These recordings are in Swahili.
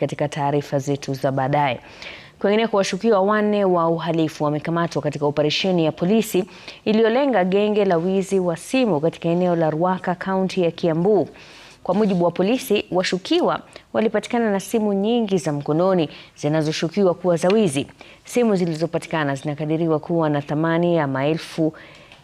katika taarifa zetu za baadaye. Kwengine, washukiwa wanne wa uhalifu wamekamatwa katika operesheni ya polisi iliyolenga genge la wizi wa simu katika eneo la Ruaka, kaunti ya Kiambu. Kwa mujibu wa polisi, washukiwa walipatikana na simu nyingi za mkononi zinazoshukiwa kuwa za wizi. Simu zilizopatikana zinakadiriwa kuwa na thamani ya maelfu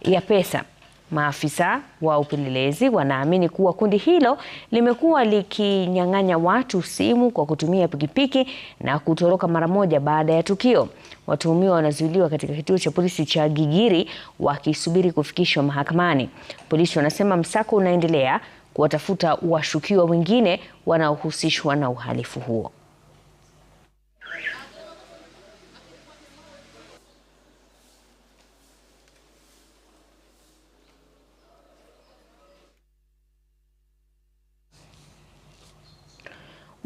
ya pesa. Maafisa wa upelelezi wanaamini kuwa kundi hilo limekuwa likinyang'anya watu simu kwa kutumia pikipiki na kutoroka mara moja baada ya tukio. Watuhumiwa wanazuiliwa katika kituo cha polisi cha Gigiri wakisubiri kufikishwa mahakamani. Polisi wanasema msako unaendelea kuwatafuta washukiwa wengine wanaohusishwa na uhalifu huo.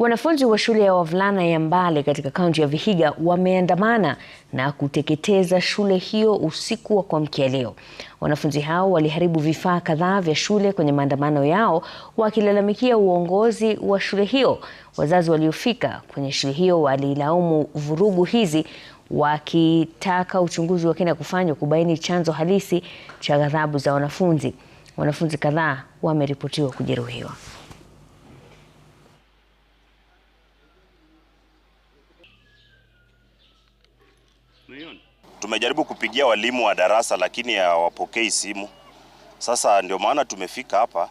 Wanafunzi wa shule ya wavulana ya Mbale katika kaunti ya Vihiga wameandamana na kuteketeza shule hiyo usiku wa kuamkia leo. Wanafunzi hao waliharibu vifaa kadhaa vya shule kwenye maandamano yao wakilalamikia uongozi wa shule hiyo. Wazazi waliofika kwenye shule hiyo walilaumu vurugu hizi wakitaka uchunguzi wa kina kufanywa kubaini chanzo halisi cha ghadhabu za wanafunzi. Wanafunzi kadhaa wameripotiwa kujeruhiwa. Tumejaribu kupigia walimu wa darasa lakini hawapokei simu. Sasa ndio maana tumefika hapa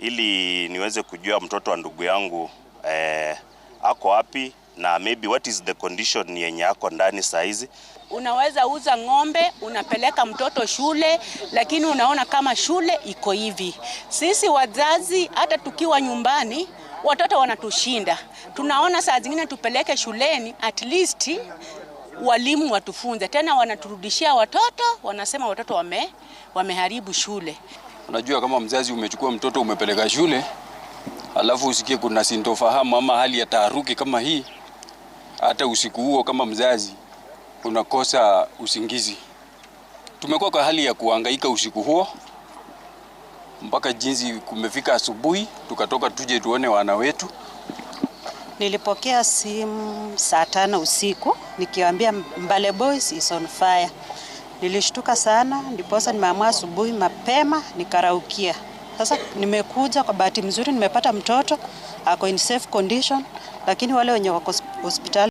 ili niweze kujua mtoto wa ndugu yangu eh, ako wapi na maybe what is the condition yenye ako ndani saa hizi. Unaweza uza ng'ombe, unapeleka mtoto shule, lakini unaona kama shule iko hivi. Sisi wazazi hata tukiwa nyumbani watoto wanatushinda, tunaona saa zingine tupeleke shuleni at least walimu watufunze tena, wanaturudishia watoto, wanasema watoto wame, wameharibu shule. Unajua, kama mzazi umechukua mtoto umepeleka shule alafu usikie kuna sintofahamu ama hali ya taharuki kama hii, hata usiku huo kama mzazi unakosa usingizi. Tumekuwa kwa hali ya kuhangaika usiku huo mpaka jinsi kumefika asubuhi, tukatoka tuje tuone wana wetu. Nilipokea simu saa tano usiku nikiwaambia Mbale Boys is on fire. Nilishtuka sana, ndiposa nimeamua asubuhi mapema nikaraukia. Sasa nimekuja kwa bahati mzuri, nimepata mtoto ako in safe condition, lakini wale wenye wako hospitali